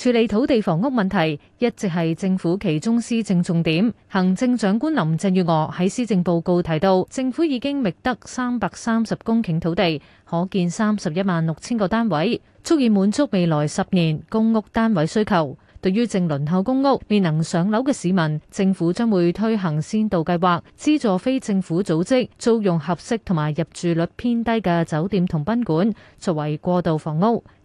處理土地房屋問題一直係政府其中施政重點。行政長官林鄭月娥喺施政報告提到，政府已經覓得三百三十公頃土地，可建三十一萬六千個單位，足以滿足未來十年公屋單位需求。對於正輪候公屋未能上樓嘅市民，政府將會推行先導計劃，資助非政府組織租用合適同埋入住率偏低嘅酒店同賓館，作為過渡房屋。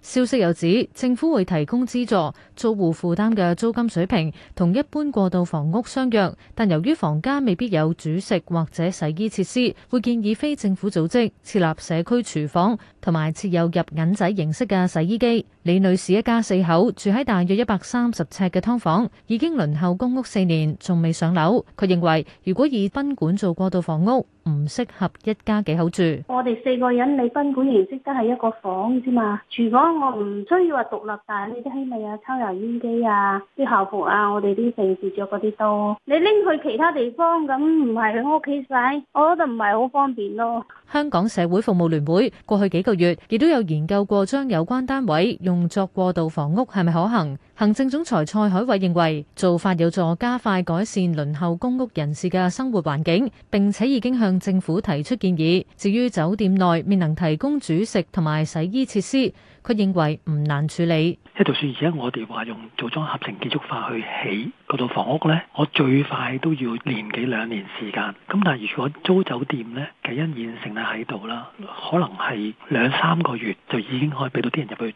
消息又指，政府會提供資助，租戶負擔嘅租金水平同一般過渡房屋相若，但由於房間未必有煮食或者洗衣設施，會建議非政府組織設立社區廚房。同埋設有入銀仔形式嘅洗衣機。李女士一家四口住喺大約一百三十尺嘅劏房，已經輪候公屋四年，仲未上樓。佢認為如果以賓館做過渡房屋，唔適合一家幾口住。我哋四個人，你賓館形式都係一個房啫嘛？廚房我唔需要話獨立，但係你啲氣味啊、抽油煙機啊、啲校服啊，我哋啲平時着嗰啲多，你拎去其他地方咁唔係喺屋企洗，我覺得唔係好方便咯。香港社會服務聯會過去幾個月。月亦都有研究過，將有關單位用作過渡房屋係咪可行？行政總裁蔡海偉認為做法有助加快改善輪候公屋人士嘅生活環境，並且已經向政府提出建議。至於酒店內未能提供煮食同埋洗衣設施，佢認為唔難處理。一係就算而家我哋話用組裝合成建築法去起嗰度房屋咧，我最快都要年幾兩年時間。咁但係如果租酒店咧，嘅因現成咧喺度啦，可能係。兩三個月就已經可以俾到啲人入去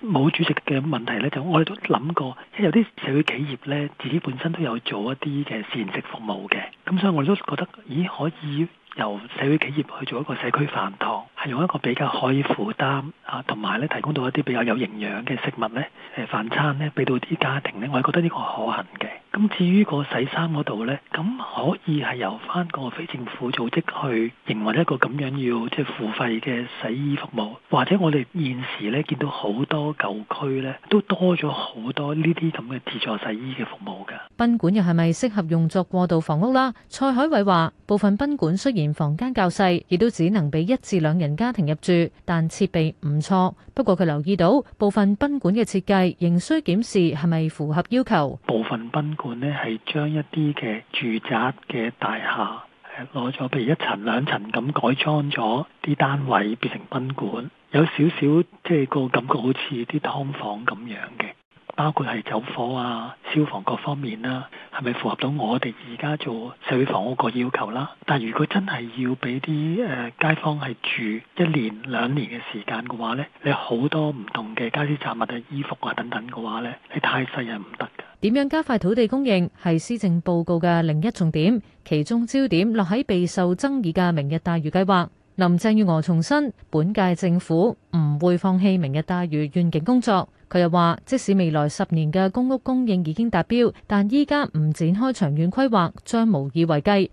住。冇主食嘅問題呢，就我哋都諗過，因為有啲社會企業呢，自己本身都有做一啲嘅膳食服務嘅。咁所以我哋都覺得，咦，可以由社會企業去做一個社區飯堂，係用一個比較可以負擔啊，同埋呢提供到一啲比較有營養嘅食物呢。誒飯餐呢，俾到啲家庭呢，我係覺得呢個可行嘅。咁至於個洗衫嗰度呢，咁可以係由翻個非政府組織去營運一個咁樣要即係付費嘅洗衣服務，或者我哋現時呢，見到好多舊區呢都多咗好多呢啲咁嘅自助洗衣嘅服務㗎。賓館又係咪適合用作過渡房屋啦？蔡海偉話：部分賓館雖然房間較細，亦都只能俾一至兩人家庭入住，但設備唔錯。不過佢留意到部分賓館嘅設計仍需檢視係咪符合要求。部分賓館。佢呢係將一啲嘅住宅嘅大廈，攞、呃、咗譬如一層兩層咁改裝咗啲單位，變成賓館，有少少即係個感覺好似啲劏房咁樣嘅。包括係走火啊、消防各方面啦、啊，係咪符合到我哋而家做社會房屋個要求啦、啊？但如果真係要俾啲誒街坊係住一年兩年嘅時間嘅話呢，你好多唔同嘅家私雜物啊、衣服啊等等嘅話呢，你太細又唔得。點樣加快土地供應係施政報告嘅另一重點，其中焦點落喺備受爭議嘅明日大嶼計劃。林鄭月娥重申，本屆政府唔會放棄明日大嶼願景工作。佢又話，即使未來十年嘅公屋供應已經達標，但依家唔展開長遠規劃，將無以為繼。